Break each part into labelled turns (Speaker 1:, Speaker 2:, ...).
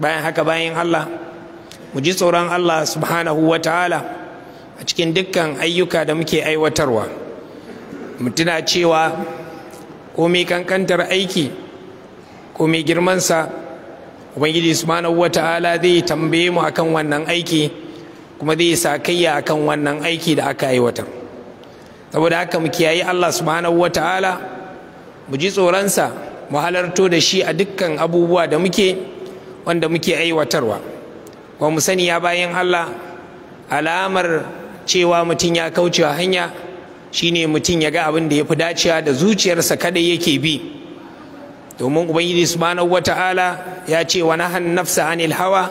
Speaker 1: bayan haka bayan Allah mu ji tsoron Allah subhanahu wa ta'ala a cikin dukkan ayyuka da muke aiwatarwa mu tuna cewa komai kankantar aiki komai girmansa ubangiji subhanahu wa ta'ala zai tambaye mu akan wannan aiki kuma zai sa kayya akan wannan aiki da aka aiwatar saboda haka mu kiyayi Allah subhanahu wa ta'ala mu ji tsoronsa mu halarto da shi a dukkan abubuwa da muke wanda muke aiwatarwa Wa mu sani ya bayan Allah alamar cewa mutum ya kaucewa hanya shine mutum ya ga abin da ya fi dacewa da zuciyarsa kada yake bi domin ubangiji subhanahu wata'ala ya ce wa nahan nafsa anil hawa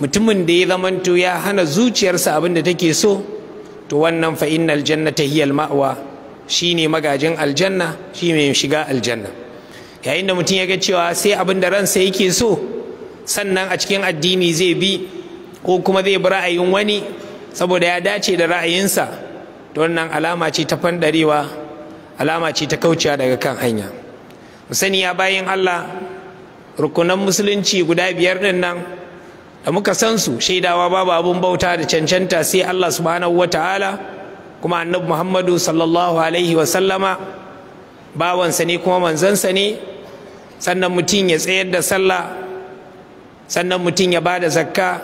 Speaker 1: mutumin da ya zamanto ya hana zuciyarsa abin da take so to wannan fa innal jannata al ma'wa shine magajin aljanna shi mai shiga aljanna yayin da mutum ya ga cewa sai abin da ransa yake so sannan a cikin addini zai bi ko kuma zai bi ra'ayin wani saboda ya dace da ra'ayinsa to wannan alama ce ta fandarewa alama ce ta kaucewa daga kan hanya musani ya bayan Allah rukunan musulunci guda biyar din nan da muka san su shaidawa babu abun bauta da cancanta sai Allah subhanahu ta'ala kuma annabi Muhammadu sallallahu alaihi wa sallama bawansa ne kuma manzansa ne sannan mutum ya tsayar da sallah sannan mutum ya bada zakka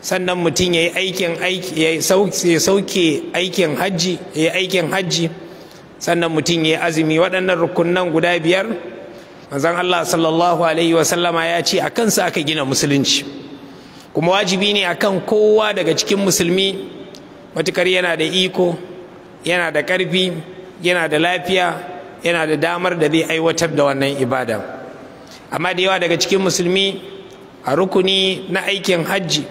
Speaker 1: sannan mutum ya yi aikin sauke aikin hajji ya yi aikin hajji sannan mutum ya yi azumi waɗannan rukunan guda biyar manzon Allah sallallahu alaihi wa ya ce a kansu aka gina musulunci kuma wajibi ne akan kowa daga cikin musulmi matukar yana da iko yana da ƙarfi yana da lafiya yana da damar da zai aiwatar da wannan ibada amma da yawa daga cikin musulmi a rukuni na aikin hajji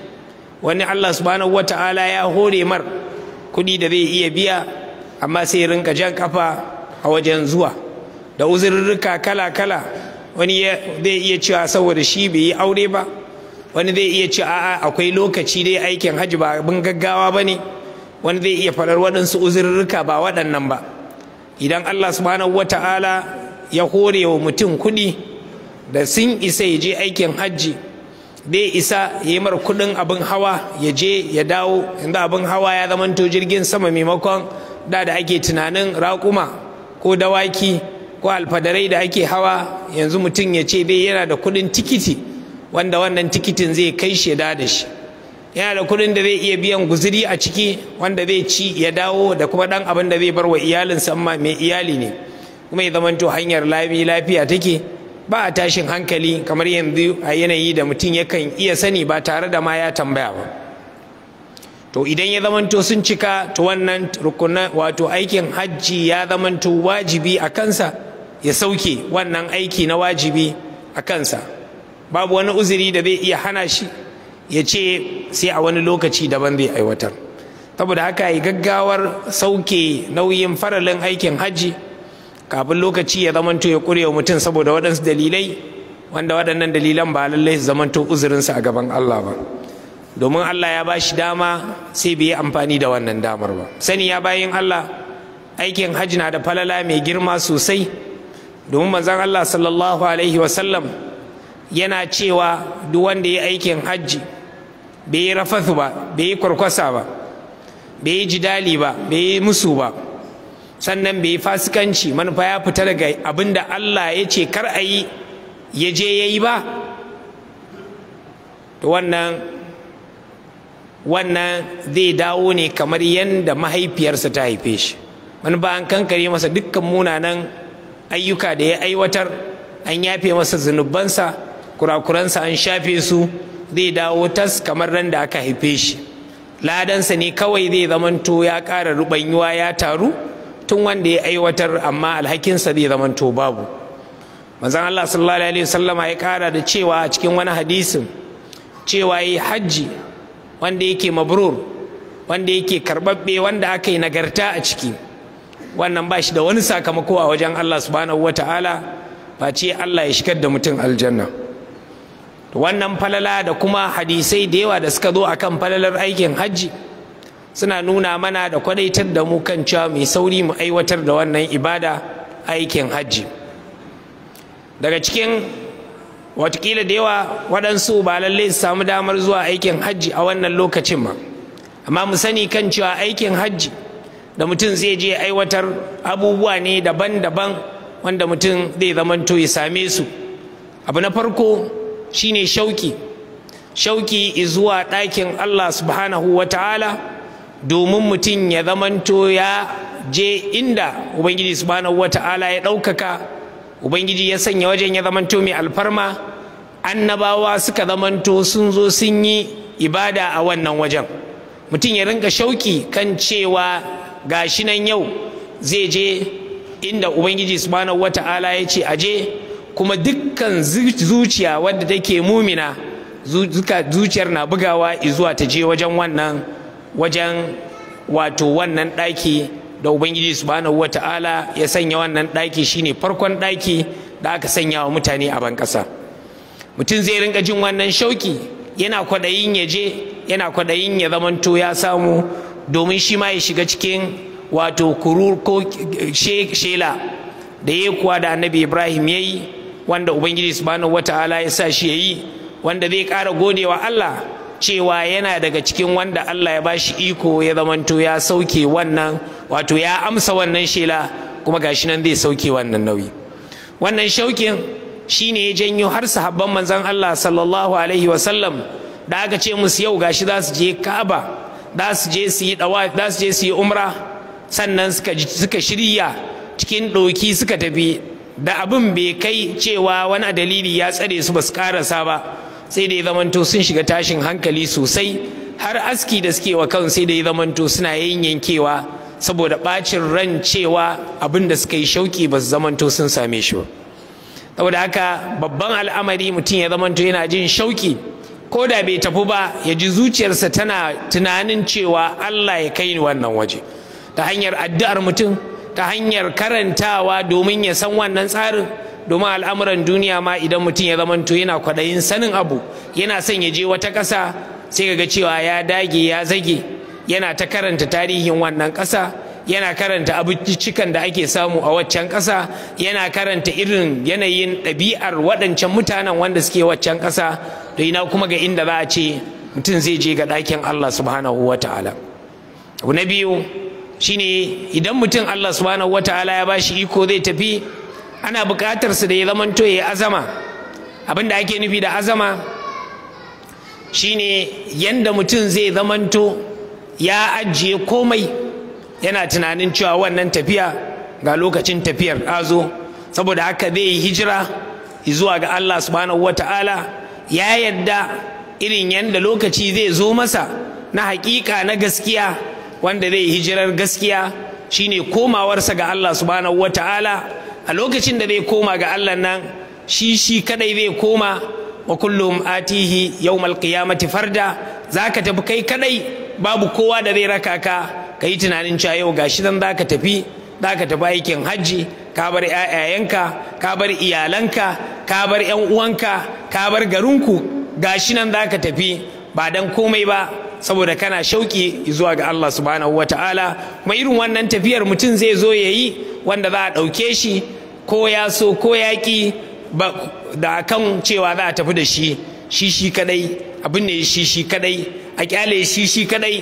Speaker 1: wani allah subhanahu wata'ala ya hore mar kuɗi da zai iya biya amma sai rinka jan kafa a wajen zuwa da uzurrurruka kala-kala wani zai iya cewa saboda shi bai yi aure ba wani zai iya ci a'a akwai lokaci dai aikin hajji ba abin gaggawa ba ne wani zai iya faɗar waɗansu uzurrurruka ba waɗannan ba idan allah subhanahu wata'ala ya hore wa mutum kuɗi da sun isa ya je aikin hajji bai isa ya yi mara kuɗin abin hawa ya je ya dawo inda abin hawa ya zamanto jirgin sama maimakon da da ake tunanin raƙuma ko dawaki ko alfadarai da ake hawa yanzu mutum ya ce bai yana da kuɗin tikiti wanda wannan tikitin zai kai shi ya da shi yana da kuɗin da zai iya biyan guziri a ciki wanda zai ci ya dawo da kuma dan abin da zai bar wa iyalinsa amma mai iyali ne kuma ya zamanto hanyar lami lafiya take ba a tashin hankali kamar yanzu a yanayi da mutum yakan iya sani ba tare da ma ya tambaya ba to idan ya zamanto sun cika to wannan rukunna wato aikin hajji ya zamanto wajibi a kansa ya sauke wannan aiki na wajibi a kansa babu wani uzuri da zai iya hana shi ya ce sai a wani lokaci daban zai aiwatar saboda haka yi gaggawar sauke nauyin faralin aikin hajji kafin lokaci ya zamanto ya ƙure mutum saboda waɗansu dalilai wanda waɗannan dalilan ba lallai su zamanto uzurinsa a gaban Allah ba domin Allah ya bashi dama sai bai yi amfani da wannan damar ba sani ya bayin Allah aikin hajji na da falala mai girma sosai domin manzon Allah sallallahu alaihi wa sallam yana cewa duk wanda ya aikin hajji bai yi ba bai kwarkwasa ba bai yi jidali ba bai yi musu ba sannan bai yi fasikanci manufa ya fita daga abin da Allah ya ce kar a yi ya je ya yi ba to wannan wannan zai dawo ne kamar yadda mahaifiyarsa ta haife shi manufa an kankare masa dukkan munanan ayyuka da ya aiwatar an yafe masa zunubansa kurakuransa an shafe su zai dawo tas kamar ran da aka haife shi ladansa ne kawai zai zamanto ya ƙara rubanyuwa ya taru tun wanda ya aiwatar amma alhakinsa zai zamanto babu manzon Allah sallallahu alaihi wasallama ya kara da cewa a cikin wani hadisin cewa yi hajji wanda yake mabrur wanda yake karbabbe wanda aka yi nagarta a ciki wannan ba shi da wani sakamako a wajen Allah subhanahu wataala ce Allah ya shigar da mutum aljanna wannan falala da kuma hadisai da yawa da suka zo akan falalar aikin hajji suna nuna mana da kwadaitar da mu kan cewa mai sauri mu aiwatar da wannan ibada aikin hajji daga cikin watakila da yawa waɗansu ba lallai su samu damar zuwa aikin hajji a wannan lokacin ma amma mu sani kan cewa aikin hajji da mutum zai je aiwatar abubuwa ne daban-daban wanda mutum zai zamanto ya same su abu na farko shine shauki shauki zuwa ɗakin allah subhanahu wa ta'ala domin mutum ya zamanto ya je inda ubangiji subhanahu wata'ala ya ɗaukaka ubangiji ya sanya wajen ya zamanto mai alfarma annabawa suka zamanto sun zo sun yi ibada a wannan wajen mutum ya rinka shauki kan cewa gashi nan yau zai je inda ubangiji subhanahu wata'ala ya ce aje kuma dukkan zuciya wadda take mumina zuciyar na bugawa izuwa ta je wajen wannan wajen wato wannan ɗaki da ubangiji subhanahu ta'ala ya sanya wannan ɗaki shine farkon ɗaki da aka sanya wa mutane a ban ƙasa mutum zai rinka jin wannan shauki yana kwaɗayin ya je yana kwaɗayin ya zamanto ya samu domin shi ma ya shiga cikin wato kurur ko shela da ya kuwa da annabi ibrahim ya yi wanda ubangiji subhanahu ta'ala ya sa shi ya yi wanda zai ƙara godewa allah cewa yana daga cikin wanda Allah ya bashi iko ya zamanto ya sauke wannan wato ya amsa wannan shela kuma gashi nan zai sauke wannan nauyi wannan shaukin shine ya janyo har sahabban manzon Allah sallallahu alaihi sallam da aka ce musu yau gashi za su je Ka'aba za su je su yi dawa za su je su yi umra sannan suka suka shirya cikin doki suka tafi da abin bai kai cewa wani dalili ya tsare su ba su karasa ba sai da ya zamanto sun shiga tashin hankali sosai har aski da suke wa kan sai da ya zamanto suna yin yankewa saboda bacin ran cewa abin da suka yi shauki ba su zamanto sun same shi ba saboda haka babban al'amari mutum ya zamanto yana jin shauki ko da bai tafi ba ya ji zuciyarsa tana tunanin cewa Allah ya kai ni wannan waje ta hanyar addu'ar mutum ta hanyar karantawa domin ya san wannan tsarin domin al'amuran duniya ma idan mutum ya zamanto yana kwaɗayin sanin abu yana son ya je wata ƙasa sai ga cewa ya dage ya zage yana ta karanta tarihin wannan ƙasa yana karanta abincikan da ake samu a waccan ƙasa yana karanta irin yanayin ɗabi'ar waɗancan mutanen wanda suke waccan ƙasa da ina kuma ga inda za a ce mutum zai je ga ɗakin Allah subhanahu wa ta'ala abu na biyu shine idan mutum Allah subhanahu wa ta'ala ya bashi iko zai tafi ana buƙatar su da ya zamanto ya azama abin da ake nufi da azama shine yanda mutum zai zamanto ya ajiye komai yana tunanin cewa wannan tafiya ga lokacin tafiyar azo saboda haka zai yi hijira zuwa ga Allah subhanahu wata'ala ya yadda irin yanda lokaci zai zo masa na hakika na gaskiya wanda zai hijirar gaskiya shine komawarsa ga Allah subhanahu wata'ala a lokacin da zai koma ga Allah nan shi shi kadai zai koma wa kullum atihi yawmal qiyamati farda zaka tafi kai kadai babu kowa da zai raka ka kai tunanin cewa yau gashi dan zaka tafi zaka tafi aikin hajji ka bar ƴaƴayenka ka bar iyalanka ka bar ƴan uwanka ka bar garinku gashi nan zaka tafi ba dan komai ba saboda kana shauki zuwa ga Allah subhanahu ta'ala kuma irin wannan tafiyar mutum zai zo yayi wanda za a ɗauke shi ko ya so ko ya ki da kan cewa za a tafi da shi shi shi kadai abin ne shi shi kadai a kyale shi shi kadai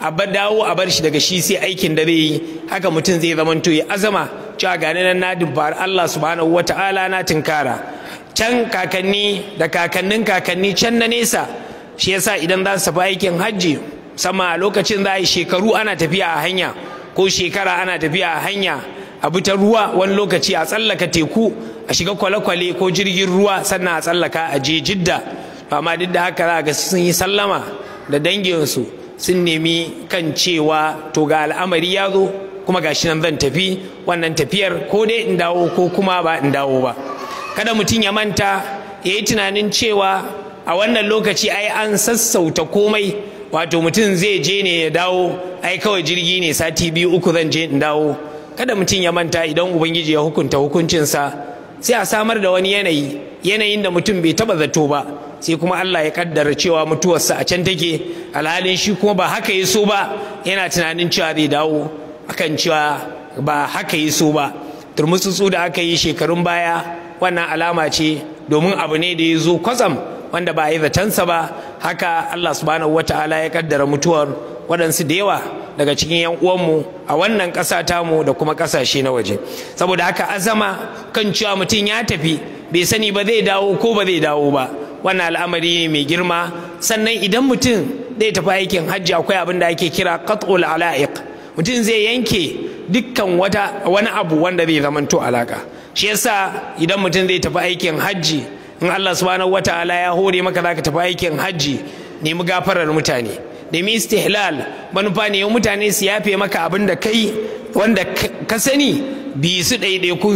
Speaker 1: a bar dawo a bar shi daga shi sai aikin da zai yi haka mutum zai zamanto ya azama cewa gane nan na dubbar Allah subhanahu wata'ala na tinkara can kakanni da kakannin kakanni can na nesa shi yasa idan za su aikin hajji sama lokacin za a yi shekaru ana tafiya a hanya ko shekara ana tafiya a hanya abu ta ruwa wani lokaci a tsallaka teku a shiga kwale-kwale ko jirgin ruwa sannan a tsallaka a je jidda amma duk da haka za sun yi sallama da danginsu sun nemi kan cewa to ga al'amari ya zo kuma gashi nan zan tafi wannan tafiyar ko dai in dawo ko kuma ba in dawo ba kada mutum ya manta ya yi tunanin cewa a wannan lokaci ai an sassauta komai wato mutum zai je ne ya dawo ai kawai jirgi ne sati biyu uku zan je in dawo kada mutum ya manta idan ubangiji ya hukunta hukuncinsa sai a samar da wani yanayi yanayin da mutum bai taba zato ba sai kuma Allah ya kaddara cewa mutuwarsa a can take alhalin shi kuma ba haka ya so ba yana tunanin cewa zai dawo akan cewa ba haka ya so ba turmutsutsu da aka yi shekarun baya wannan alama ce domin abu ne da ya zo kwatsam wanda ba a yi zatansa ba haka Allah subhanahu wataala ya kaddara mutuwar waɗansu da yawa daga cikin 'yan uwanmu a wannan ƙasa tamu da kuma ƙasashe na waje saboda haka azama kan cewa mutum ya tafi bai sani ba zai dawo ko ba zai dawo ba wannan al'amari ne mai girma sannan idan mutum zai tafi aikin hajji akwai abin da ake kira qat'ul ala'iq mutum zai yanke dukkan wata wani abu wanda zai zamanto alaka shi yasa idan mutum zai tafi aikin hajji in Allah subhanahu wataala ya hore maka zaka tafi aikin hajji nemi gafarar mutane domin istihlal manufa ne yau mutane su yafe maka abin da kai wanda ka sani bi su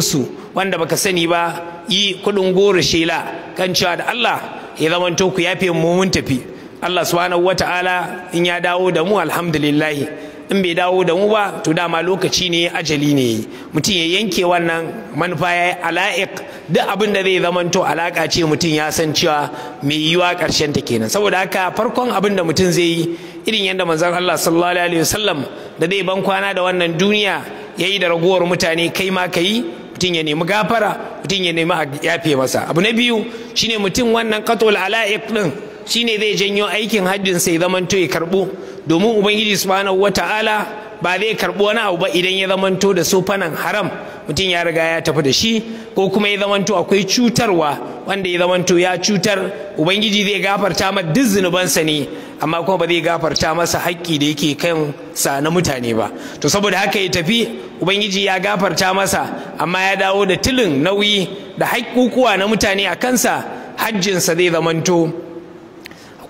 Speaker 1: su wanda baka sani ba yi kuɗin goro shela kan cewa da Allah ya zamanto ku yafe mu mun tafi Allah subhanahu wata'ala in ya dawo da mu alhamdulillah in bai dawo da mu ba to dama lokaci ne ajali ne mutum ya yanke wannan manufa ya yi ala'iq duk abin da zai zamanto alaka ce mutum ya san cewa mai yiwa karshen ta kenan saboda haka farkon abin da mutum zai yi irin yadda manzon Allah sallallahu alaihi wasallam da zai ban kwana da wannan duniya yayi da ragowar mutane kai ma kayi mutum ya nemi gafara mutum ya nemi a yafe masa abu na biyu shine mutum wannan qatul ala'ik din shine zai janyo aikin hajjin sai zamanto ya karɓo domin ubangiji subhanahu wataala ba zai karbo wani abu ba idan ya zamanto da sofanan haram mutum ya riga ya tafi da shi ko kuma ya zamanto akwai cutarwa wanda ya zamanto ya cutar ubangiji zai gafarta ma duk zunubansa ne amma kuma ba zai gafarta masa haƙƙi da yake kan sa na mutane ba to saboda haka ya tafi ubangiji ya gafarta masa amma ya dawo da tilin nauyi da haƙƙuƙuwa na mutane a kansa hajjinsa zai zamanto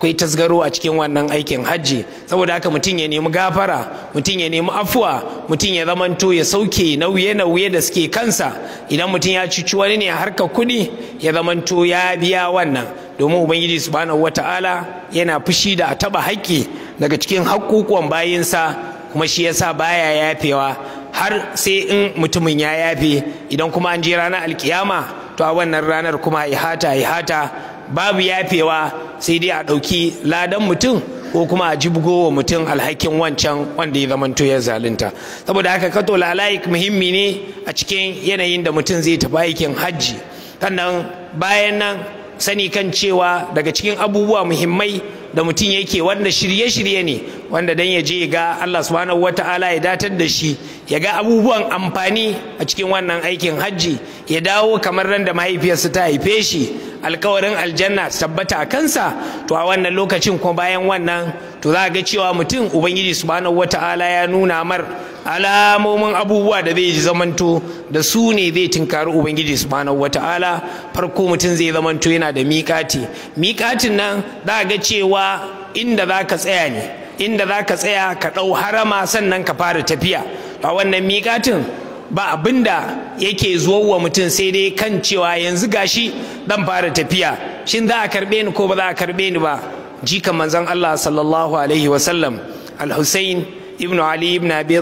Speaker 1: akwai tasgaro a cikin wannan aikin hajji saboda haka mutum ya nemi gafara mutum ya nemi afuwa mutum ya zamanto ya sauke nauye-nauye da suke kansa idan mutum ya cuci wani ne harka kuɗi ya zamanto ya biya wannan domin ubangiji subhanahu wata'ala yana fushi da a taba haƙƙi daga cikin haƙƙuƙuwan bayinsa kuma shi yasa baya yafewa har sai in mutumin ya yafe idan kuma an je ranar alkiyama to a wannan ranar kuma hata ya hata. babu yafewa sai dai a ɗauki ladan mutum ko kuma a jibgo wa mutum alhakin wancan wanda ya zamanto ya zalunta saboda haka kato lalayik muhimmi ne a cikin yanayin da mutum zai tafi aikin hajji sannan bayan nan sani kan cewa daga cikin abubuwa muhimmai da mutum yake wanda shirye-shirye ne wanda dan ya je ga Allah subhanahu wataala ya datar da shi ya ga abubuwan amfani a cikin wannan aikin hajji ya dawo kamar ran da mahaifiyarsa ta haife shi alkawarin aljanna tabbata a kansa to a wannan lokacin kuma bayan wannan to za ga cewa mutum ubangiji subhanahu wataala ya nuna mar alamomin abubuwa da zai zamanto da su ne zai tinkari ubangiji subhanahu ta'ala, farko mutum zai zamanto yana da miƙati miƙatin nan za ga cewa inda za ka tsaya ne inda za ka tsaya ka ɗau harama sannan ka fara tafiya a wannan miƙatin ba abin da yake wa mutum sai dai kan cewa yanzu gashi dan fara tafiya shin za a karɓe ni ko ba za a karɓe ni ba jikan manzon Allah sallallahu alaihi wasallam al husayn ibn ali ibn abi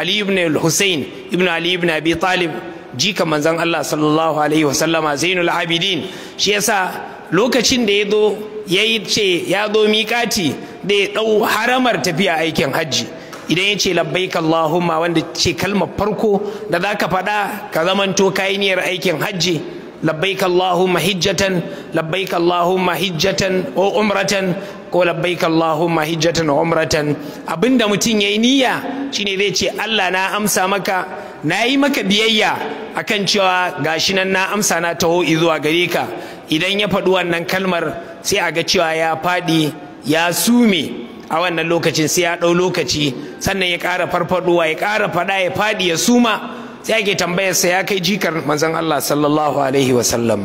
Speaker 1: ali ibn al-husayn ibn ali ibn abi talib jika manzon Allah sallallahu alaihi sallama zainul abidin shi yasa lokacin da ya yayi ce ya zo miƙati da dau ɗau haramar tafiya aikin hajji idan yace ce labbaik Allahumma wanda ce kalmar farko da za ka faɗa ka zamanto niyyar aikin hajji labbaik Allahumma hijjatan labbaik Allahumma hijjatan o umratan ko labbaika Allahumma hijjatan umratan abinda mutum yayi niyya shine zai ce Allah na amsa maka na yi maka biyayya akan cewa gashi nan na amsa na taho zuwa gare ka idan ya faɗi wannan kalmar sai a ga cewa ya faɗi ya sume a wannan lokacin sai ya ɗau lokaci sannan ya ƙara farfaɗuwa ya ƙara faɗa ya faɗi ya suma sai ake tambayarsa ya kai jikar manzon Allah sallallahu alaihi sallam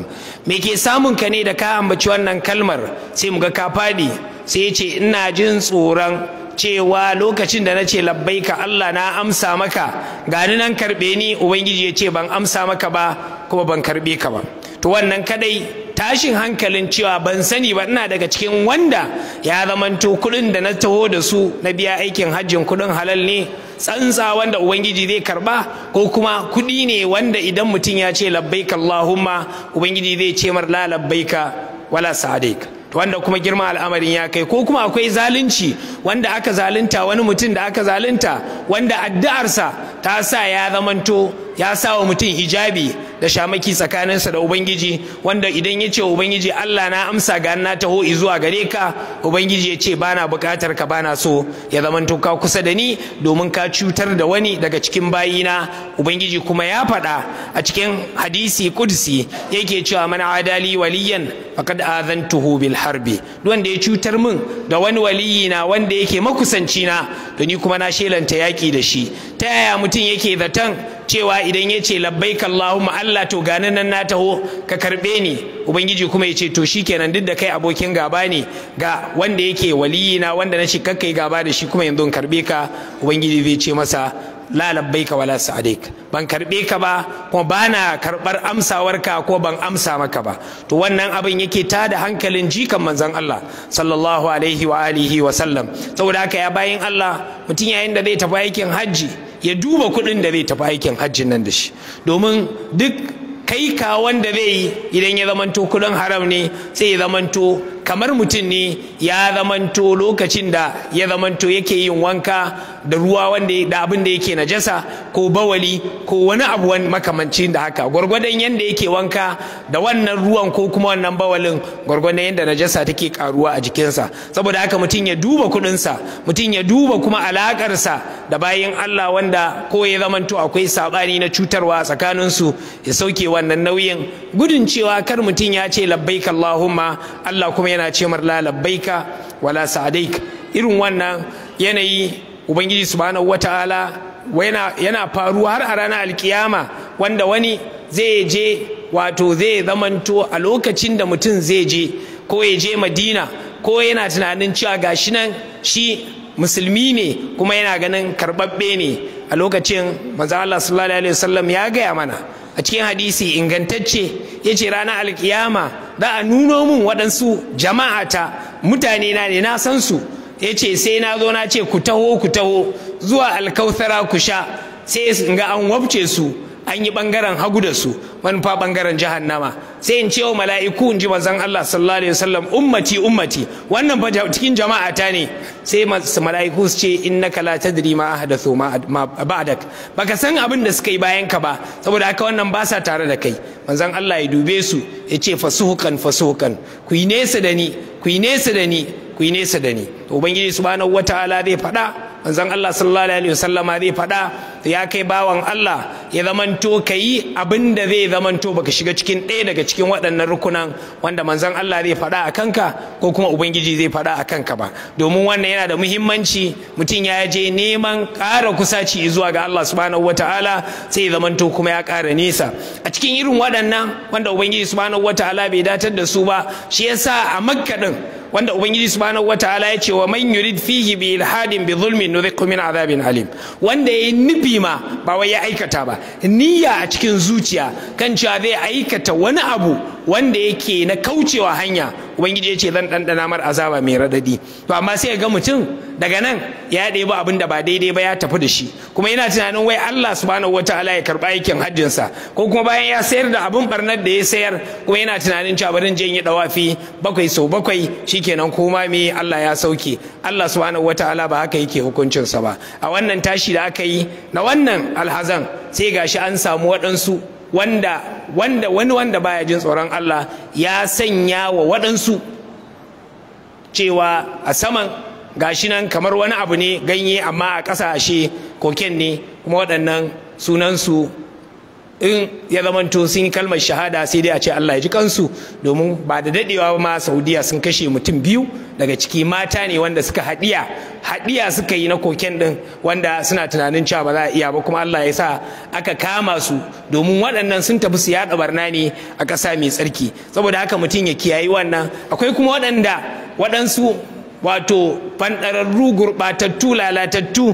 Speaker 1: me ke samun ka ne da ka ambaci wannan kalmar sai mu ga ka fadi sai ya ce ina jin tsoron cewa lokacin da nace ce labbaika Allah na amsa maka gani nan karɓe ni ubangiji ya ce ban amsa maka ba kuma ban karɓe ka ba to wannan kadai tashin hankalin cewa ban sani ba ina daga cikin wanda ya zamanto kuɗin da na taho da su na biya aikin hajjin kuɗin halal ne tsantsa wanda ubangiji zai karba ko kuma kuɗi ne wanda idan mutum ya ce labbaika Allahumma ubangiji zai ce mar la labbaika wala to wanda kuma girma al'amarin ya kai ko kuma akwai zalunci wanda aka zalunta wani mutum da aka zalunta wanda addu'arsa ta sa ya zamanto ya sa wa mutum hijabi da shamaki tsakaninsa da ubangiji wanda idan ya ce ubangiji allah na amsa ga na taho zuwa gare ka ubangiji ya ce bana bukatar ka bana so ya zamanto ka kusa da ni domin ka cutar da wani daga cikin bayina ubangiji kuma ya faɗa a cikin hadisi kudsi yake cewa mana adali waliyan zan tuho bil harbi wanda ya cutar min da wani na wanda yake makusanci na to ni kuma na shelanta yaki da shi ta yaya mutum yake zaton cewa idan ya ce labbaik Allahumma Allah to gani nan na taho ka karɓe ni ubangiji kuma ya ce to kenan duk da kai abokin gaba ne ga wanda yake waliyina wanda na shi kakkai gaba da shi kuma yanzu in karɓe ka ubangiji zai ce masa la labbaika wala sa'adik ban karbe ka ba kuma bana karbar amsawarka ko ban amsa maka ba to wannan abin yake tada hankalin jikan manzon Allah sallallahu alaihi wa alihi wa sallam saboda haka ya bayin Allah mutum yayin da zai tafi aikin hajji ya duba kuɗin da zai tafi aikin hajjin nan da shi domin duk kai ka wanda zai yi idan ya zamanto kuɗin haram ne sai ya zamanto kamar mutum ne ya zamanto lokacin da ya zamanto yake yin wanka da ruwa wanda da abin da yake najasa ko bawali ko wani abu makamancin da haka gwargwadon yanda yake wanka da wannan ruwan ko kuma wannan bawalin gwargwadon yanda najasa take karuwa a jikinsa saboda haka mutum ya duba kuɗinsa mutum ya duba kuma alakarsa da bayan Allah wanda ko ya zamanto akwai sabani na cutarwa tsakanin su ya sauke wannan nauyin gudun cewa kar mutum ya ce labbaik Allahumma Allah kuma yana yana ce mar labbaika wala sa'daik irin wannan yanayi ubangiji subhanahu wataala yana yana faruwa har a ranar alkiyama wanda wani zai je wato zai zamanto a lokacin da mutum zai je ko ya je madina ko yana tunanin cewa gashi nan shi musulmi ne kuma yana ganin karbabbe ne a lokacin manzo Allah sallallahu alaihi wasallam ya gaya mana a cikin hadisi ingantacce yace ranar alkiyama da a nuno min waɗansu jama'ata mutane na ne na san su ya ce sai na zo na ce ku taho ku taho zuwa alkautara ku sha sai ga an wabce su an yi bangaren hagu da su manufa bangaren nama sai in ce wa mala'iku in ji manzon Allah sallallahu alaihi wasallam ummati ummati wannan fa cikin jama'a ta ne sai mala'iku su ce innaka la tadri ma ahdathu ma ba'dak baka san abin da suka yi bayan ka ba saboda haka wannan ba sa tare da kai manzon Allah ya dube su ya ce fasuhukan fasuhukan ku yi nesa da ni ku yi nesa da ni ku yi nesa da ni to ubangiji subhanahu wataala zai faɗa manzon Allah sallallahu alaihi wasallam zai faɗa ya kai bawan Allah ya zamanto ka abin da zai zamanto baka shiga cikin ɗaya daga cikin waɗannan rukunan wanda manzon Allah zai faɗa a kanka ko kuma ubangiji zai faɗa a kanka ba domin wannan yana da muhimmanci mutum ya je neman ƙara kusaci zuwa ga Allah subhanahu wataala sai zamanto kuma ya ƙara nisa a cikin irin waɗannan wanda ubangiji subhanahu wataala bai datar da su ba shi yasa a makka din wanda ubangiji subhanahu wataala ya ce wa man yurid fihi bi ilhadin bi zulmin nudhiqhu min adhabin alim wanda yi nufi ma ba wai ya aikata ba niyya a cikin zuciya kan cewa zai aikata wani abu wanda yake na kaucewa hanya ubangiji ya ce zan ɗanɗana mar azaba mai radadi, to amma sai ya ga mutum daga nan ya ɗebi abin da ba daidai ba ya tafi da shi kuma yana tunanin wai Allah subhanahu wataala ya karɓa aikin hajjinsa ko kuma bayan ya sayar da abin barnar da ya sayar kuma yana tunanin cewa barin je yi dawafi bakwai sau bakwai shikenan koma me Allah ya sauke Allah subhanahu wataala ba haka yake hukuncinsa ba a wannan tashi da aka yi na wannan alhazan sai gashi an samu waɗansu wanda wanda wani wanda baya jin tsoron Allah ya sanya wa waɗansu cewa a saman gashi nan kamar wani abu ne ganye amma a ƙasashe koken ne kuma waɗannan sunansu in ya zamanto sun kalmar shahada sai dai a ce Allah ya ji kansu domin ba da dadewa ma Saudiya sun kashe mutum biyu daga ciki mata ne wanda suka haɗiya haɗiya suka yi na koken din wanda suna tunanin cewa ba za a iya ba kuma Allah ya sa aka kama su domin waɗannan sun tafi su yaɗa barna ne a ƙasa mai tsarki saboda haka mutum ya kiyayi wannan akwai kuma waɗanda waɗansu wato fanɗararru gurɓatattu lalatattu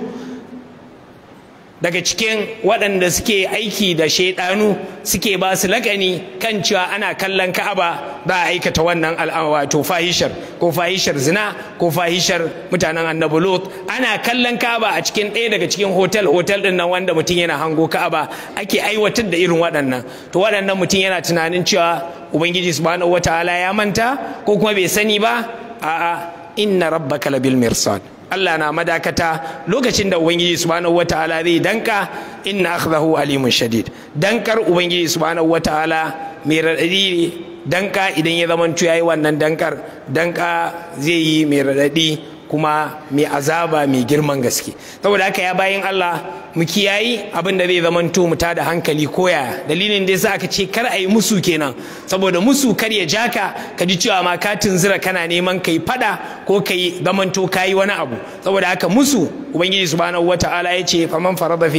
Speaker 1: daga cikin waɗanda suke aiki da shaidanu suke ba su lakani kan cewa ana kallon ka'aba ba a aikata wannan wato fahishar ko fahishar zina ko fahishar mutanen annabi lot ana kallon ka'aba a cikin ɗaya daga cikin hotel hotel ɗin nan wanda mutum yana hango ka'aba ake aiwatar da irin waɗannan to waɗannan mutum yana tunanin cewa ubangiji subhanahu wataala ya manta ko kuma bai sani ba a'a inna rabbaka labil mirsad Allah na madakata lokacin da Ubangiji subhanahu wataala zai danka inna akhdahu alimun shadid dankar Ubangiji subhanahu ta'ala mai radadi ne danka idan ya zamanto yayi wannan dankar danka zai yi mai radadi kuma mai azaba mai girman gaske saboda haka ya bayan Allah mu kiyayi abin da zai zamanto mu da hankali koya dalilin da yasa aka ce kar a yi musu kenan saboda musu kar ya ja ka ka ji cewa ma ka tunzura kana neman kai fada ko kai to kayi wani abu saboda haka musu ubangiji subhanahu wata'ala ya ce faman farada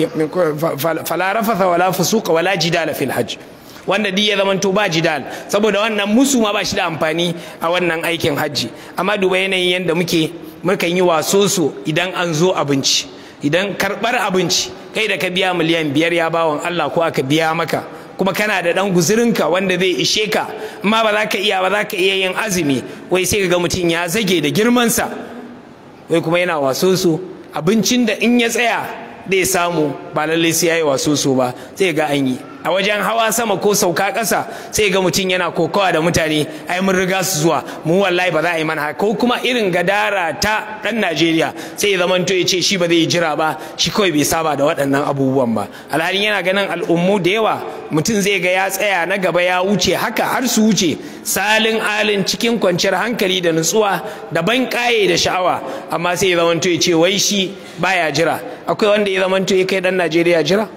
Speaker 1: fala rafatha wala fusuqa wala jidala fil hajj wanda duk ya zamanto ba jidal saboda wannan musu ma ba shi da amfani a wannan aikin hajji amma duba yanayin yadda muke mukan yi waso so idan an zo abinci idan karɓar abinci kai da ka biya miliyan biyar ya bawan Allah ko aka biya maka kuma kana da ɗan guzurinka wanda zai ishe ka amma ba za ka iya ba za ka iya yin azumi wai sai ga mutum ya zage da girmansa wai kuma yana waso so abincin da in ya tsaya zai samu ba lallai sai ya yi waso so ba zai ga an yi a wajen hawa sama ko sauka ƙasa sai ga mutum yana kokawa da mutane ai mun riga su zuwa mu wallahi ba za a yi mana ko kuma irin gadara ta ɗan Najeriya sai ya zamanto ya ce shi ba zai jira ba shi kawai bai saba da waɗannan abubuwan ba alhalin yana ganin al'ummu da yawa mutum zai ga ya tsaya na gaba ya wuce haka har su wuce salin alin cikin kwanciyar hankali da nutsuwa da ban ƙaye da sha'awa amma sai ya zamanto ya ce wai shi baya jira akwai wanda ya zamanto ya kai ɗan Najeriya jira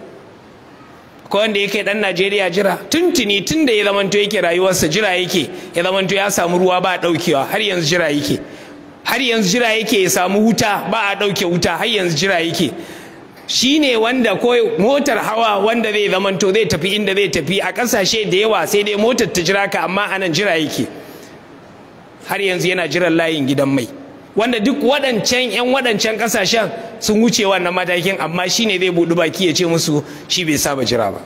Speaker 1: ko wanda yake dan Najeriya jira tuntuni tun da ya zamanto yake rayuwarsa jira yake ya zamanto ya samu ruwa ba daukewa har yanzu jira yake har yanzu jira yake ya samu wuta ba a dauke wuta har yanzu jira yake shine wanda ko motar hawa wanda zai zamanto zai tafi inda zai tafi a kasashe da yawa sai dai motar ta jira ka amma anan jira yake har yanzu yana jiran layin gidan mai wanda duk waɗancan 'yan waɗancan ƙasashen sun wuce wannan matakin amma shi ne zai buɗi baki ya ce musu shi bai saba jira ba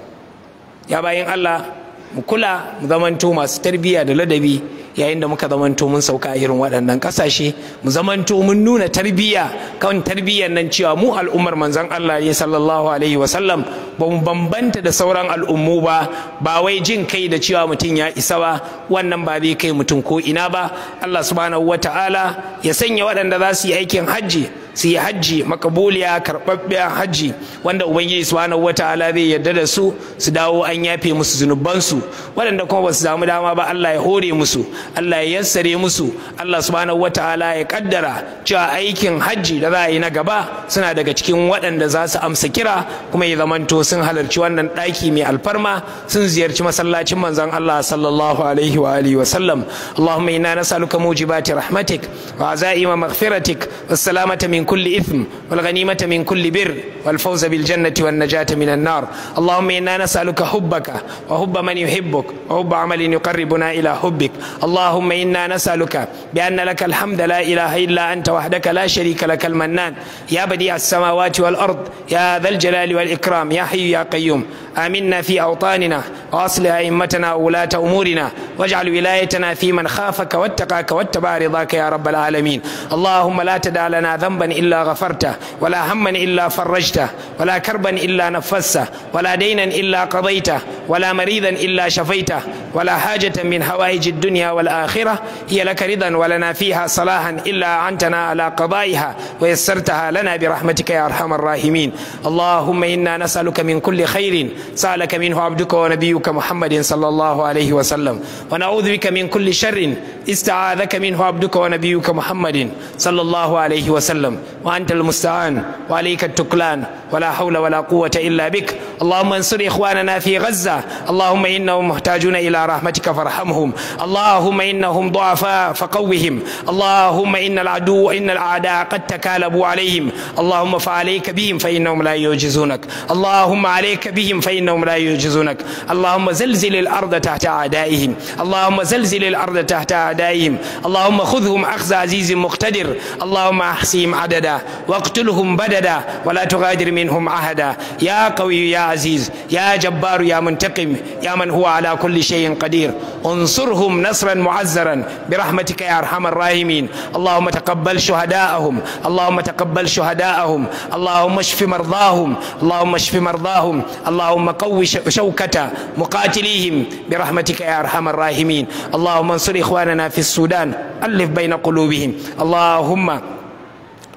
Speaker 1: ya bayan allah mu kula mu zamanto masu tarbiyya da ladabi yayin da muka zamanto mun sauka a irin waɗannan ƙasashe mu zamanto mun nuna tarbiyya kan tarbiyyar nan cewa mu al'ummar manzon Allah ne sallallahu alaihi wa sallam ba mu bambanta da sauran al'ummu ba ba wai jin kai da cewa mutum ya isa ba wannan ba zai kai mutum ko ina ba Allah subhanahu ta'ala ya sanya waɗanda za su yi aikin hajji su yi hajji makabuliya karɓaɓɓen hajji wanda ubangiji subhanahu wataala zai yarda da su su dawo an yafe musu zunubansu waɗanda kuma ba su samu dama ba Allah ya hore musu Allah ya yassare musu Allah subhanahu wataala ya kaddara cewa aikin hajji da za a yi na gaba suna daga cikin waɗanda za su amsa kira kuma ya zamanto sun halarci wannan ɗaki mai alfarma sun ziyarci masallacin manzon Allah sallallahu alaihi wa alihi wa sallam Allahumma inna nas'aluka mujibati rahmatik wa azaima maghfiratik was salamata min من كل إثم والغنيمة من كل بر والفوز بالجنة والنجاة من النار اللهم إنا نسألك حبك وحب من يحبك وحب عمل يقربنا إلى حبك اللهم إنا نسألك بأن لك الحمد لا إله إلا أنت وحدك لا شريك لك المنان يا بديع السماوات والأرض يا ذا الجلال والإكرام يا حي يا قيوم آمنا في أوطاننا وأصل أئمتنا وولاة أمورنا واجعل ولايتنا في من خافك واتقاك واتبع رضاك يا رب العالمين اللهم لا تدع لنا ذنبا إلا غفرته ولا هما إلا فرجته ولا كربا إلا نفسته ولا دينا إلا قضيته ولا مريضا إلا شفيته ولا حاجة من حوائج الدنيا والآخرة هي لك رضا ولنا فيها صلاحا إلا عنتنا على قضائها ويسرتها لنا برحمتك يا أرحم الراحمين اللهم إنا نسألك من كل خير سألك منه عبدك ونبيك محمد صلى الله عليه وسلم ونعوذ بك من كل شر استعاذك منه عبدك ونبيك محمد صلى الله عليه وسلم وأنت المستعان وعليك التكلان ولا حول ولا قوة إلا بك اللهم انصر إخواننا في غزة اللهم إنهم محتاجون إلى رحمتك فارحمهم اللهم إنهم ضعفاء فقوهم اللهم إن العدو إن الأعداء قد تكالبوا عليهم اللهم فعليك بهم فإنهم لا يعجزونك اللهم عليك بهم فإنهم لا يعجزونك اللهم زلزل الأرض تحت أعدائهم اللهم زلزل الأرض تحت أعدائهم اللهم خذهم أخذ عزيز مقتدر اللهم أحصيهم عددا واقتلهم بددا ولا تغادر منهم أحدا يا قوي يا عزيز يا جبار يا منتقم يا من هو على كل شيء قدير انصرهم نصرا معزرا برحمتك يا أرحم الراحمين اللهم تقبل شهداءهم اللهم تقبل شهداءهم اللهم اشف مرضاهم اللهم اشف مرضاهم اللهم قو شوكة مقاتليهم برحمتك يا أرحم الراحمين اللهم انصر إخواننا في السودان ألف بين قلوبهم اللهم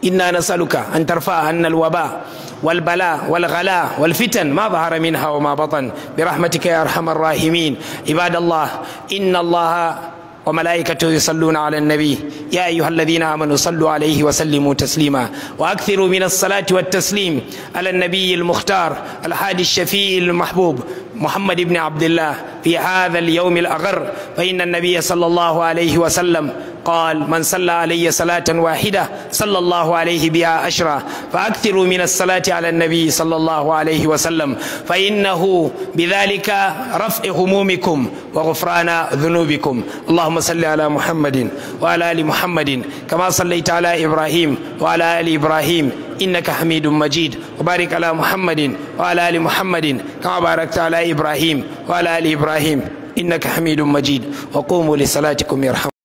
Speaker 1: إنا نسألك أن ترفع عنا الوباء والبلاء والغلاء والفتن ما ظهر منها وما بطن برحمتك يا أرحم الراحمين عباد الله إن الله وملائكته يصلون على النبي يا أيها الذين آمنوا صلوا عليه وسلموا تسليما وأكثروا من الصلاة والتسليم على النبي المختار الحادي الشفيع المحبوب محمد بن عبد الله في هذا اليوم الأغر فإن النبي صلى الله عليه وسلم قال من صلى علي صلاة واحدة صلى الله عليه بها أشرا فأكثروا من الصلاة على النبي صلى الله عليه وسلم فإنه بذلك رفع همومكم وغفران ذنوبكم اللهم صل على محمد وعلى آل محمد كما صليت على إبراهيم وعلى آل إبراهيم إنك حميد مجيد وبارك على محمد وعلى آل محمد كما باركت على إبراهيم وعلى آل إبراهيم إنك حميد مجيد وقوموا لصلاتكم يرحم